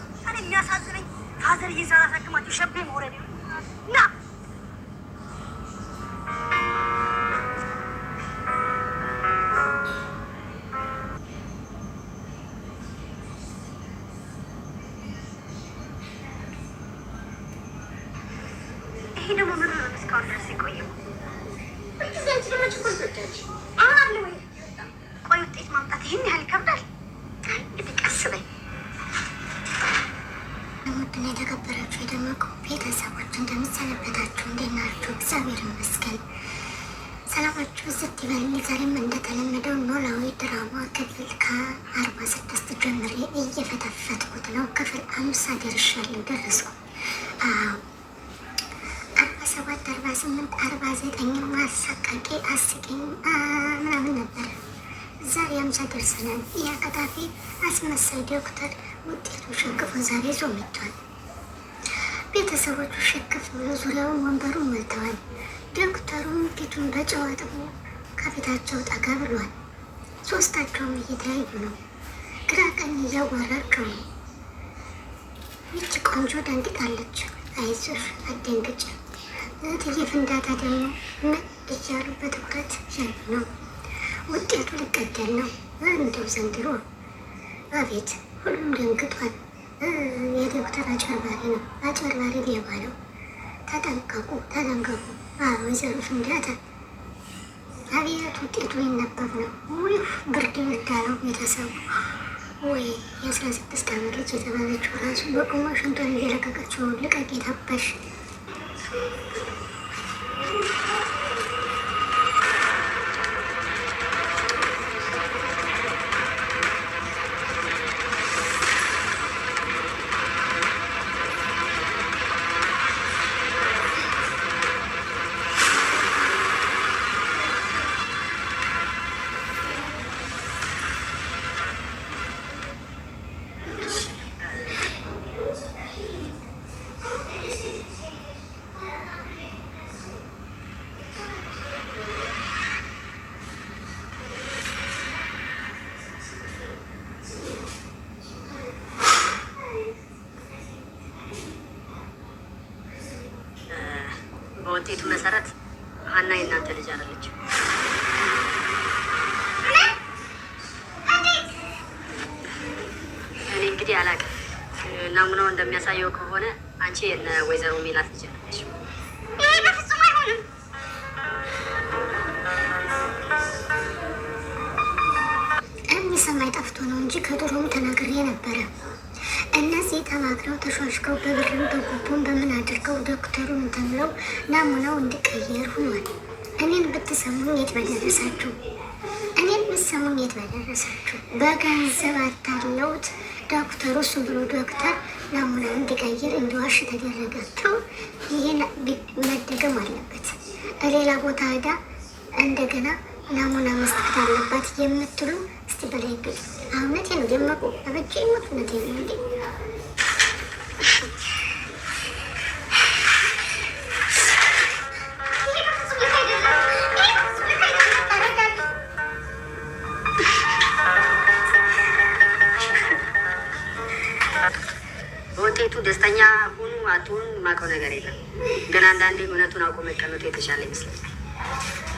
ነው። እኔ የሚያሳዝነኝ ፋዘር ይህን ሳላሳክማቸው ሸቤ መውረድ ና ቆይ ውጤት ማምጣት ይህን ያህል ይከብዳል? ፌስቲቫል ዛሬም እንደተለመደው ኖላዊ ድራማ ክፍል ከ ስድስት ጀምሬ እየፈተፈትኩት ነው። ክፍል አምሳ ደርሻለሁ ደረስኩ። አርባ ሰባት አርባ ስምንት አርባ ዘጠኝ ማሳቃቂ አስቂኝ ምናምን ነበር። ዛሬ አምሳ ደርሰናል። የአቀጣፊ አስመሳይ ዶክተር ውጤቱ ሸክፎ ዛሬ ይዞ መጥቷል። ቤተሰቦቹ ሸክፍ ብሎ ዙሪያውን ወንበሩን ሞልተዋል። ዶክተሩም ፊቱን በጨዋጥቦ ከፊታቸው ጠጋ ብሏል። ሶስታቸውም እየተያዩ ነው። ግራ ቀኝ እያዋራቸው ነው። ይች ቆንጆ ደንግጣለች። አይዞሽ አደንግጭ እህትዬ ፍንዳታ ደግሞ ምን እያሉ በትኩረት ያሉ ነው። ውጤቱ ሊቀደል ነው። እንደው ዘንድሮ አቤት ሁሉም ደንግጧል። የዶክተር አጨርባሪ ነው አጨርባሪ ሊባለው። ተጠንቀቁ ተጠንቀቁ ወይዘሮ ፍንዳታ አብያት ውጤቱ ይነበብ ነው። ውህ ብርድ ይወዳለው ቤተሰቡ ወይ የአስራ ስድስት ዓመት ልጅ የተባለችው ራሱ በቁማ ሽንቷን እየለቀቀችው ልቀቅ የታበሽ በውጤቱ መሰረት ሀና የእናንተ ልጅ አለች። እኔ እንግዲህ አላውቅም። ናሙናው እንደሚያሳየው ከሆነ አንቺ የነ ወይዘሮ ሜላት ልጅ አለች። ሰማይ ጠፍቶ ነው እንጂ ከድሮም ተናግሬ ነበረ። እነዚህ ተማክረው ተሿሽከው በብርም በጉቦም በምን አድርገው ዶክተሩን ተምለው ናሙናው እንዲቀየር ሆኗል። እኔን ብትሰሙኝ የት በደረሳችሁ? እኔን ብትሰሙኝ የት በደረሳችሁ? በገንዘብ አታለውት ዶክተሩ እሱ ብሎ ዶክተር ናሙናው እንዲቀይር እንዲዋሽ ተደረጋቸው። ይህን መደገም አለበት ሌላ ቦታ ሄዳ እንደገና ናሙና መስጠት አለባት የምትሉ እስቲ በላይ ግል አሁነት ነው ደመቁ አበጀ ሞትነት ነው እንዴ ደስተኛ ሁኑ አትሁኑ የማውቀው ነገር የለም። ግን አንዳንዴ እውነቱን አውቆ መቀመጡ የተሻለ ይመስለኛል።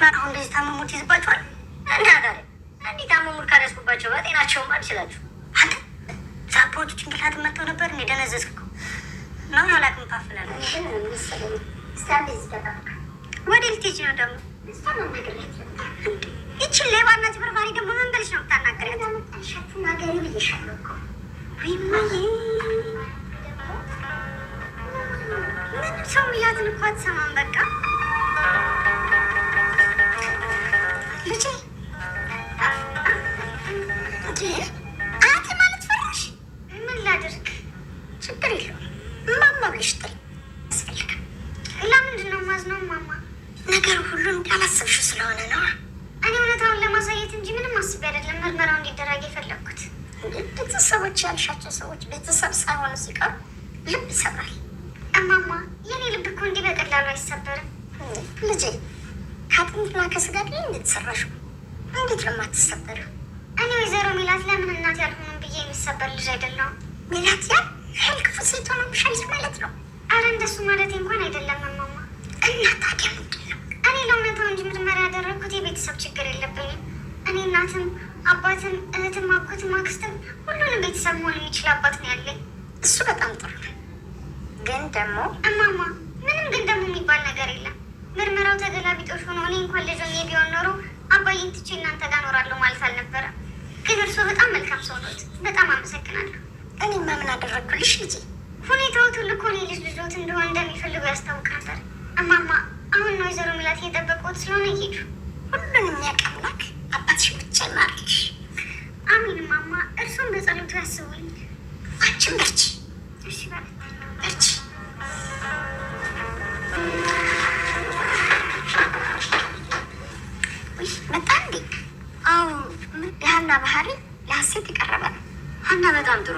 ግን አሁን እንደዚህ ታመሙት ይዝባቸዋል። እንደ ሀገር እንዲህ ታመሙት ካደስኩባቸው በጤናቸውም አልችላችሁ አንተ ዛፖዎቹ ጭንቅላት መጥተው ነበር እንደ ደነዘዝክ ነው መላክ ምፋፍላል ወደ ልትሄጂ ነው ደግሞ ይችን ሌባና ጭበርባሪ ደግሞ ምን በልሽ ነው የምታናገሪያት? ምንም ሰው ሚላትን እኮ አትሰማም በቃ ሁሉም እንዳላሰብሽው ስለሆነ ነው። እኔ እውነታውን ለማሳየት እንጂ ምንም አስቤ አይደለም ምርመራው እንዲደረግ የፈለግኩት። ቤተሰቦች ያልሻቸው ሰዎች ቤተሰብ ሳይሆኑ ሲቀሩ ልብ ይሰብራል። እማማ የኔ ልብ እኮ እንዲህ በቀላሉ አይሰበርም። ልጄ ከአጥንትና ከስጋ ላይ እንድትሰራሹ እንዴት ነው የማትሰበረው? እኔ ወይዘሮ ሚላት ለምን እናት ያልሆኑም ብዬ የሚሰበር ልጅ አይደለሁም። ሚላት ያ ህል ክፉ ሴት ሆነ ማለት ነው። አረ እንደሱ ማለት እንኳን አይደለም እማማ እናታ የቤተሰብ ችግር የለብኝም። እኔ እናትም አባትም እህትም አጎትም አክስትም ሁሉንም ቤተሰብ መሆን የሚችል አባት ነው ያለኝ። እሱ በጣም ጥሩ ነው። ግን ደግሞ እማማ ምንም ግን ደግሞ የሚባል ነገር የለም። ምርመራው ተገላቢጦሽ ሆኖ እኔ እንኳን ልጅ ቢሆን ኖሮ አባዬን ትቼ እናንተ ጋር እኖራለሁ ማለት አልነበረም። ግን እርስዎ በጣም መልካም ሰው በጣም አመሰግናለሁ። እኔ ምን አደረግኩልሽ ልጄ? ሁኔታው ሁሉ እኮ እኔ ልጅ ልጆት እንደሆነ እንደሚፈልጉ ነበር። እማማ አሁን ነው ወይዘሮ ሚላት እየጠበቁት ስለሆነ ይሄዱ ሁሉንም የሚያውቅ አምላክ አባትሽ ብቻ ይማርልሽ። አሜን ማማ፣ እርሱን በጸሎቱ ያስቡኝ። አንቺም በርቺ በርቺ። መጣ እንዴ? አዎ፣ የሀና ባህሪ ለሀሴት የቀረበ ነው። ሀና በጣም ጥሩ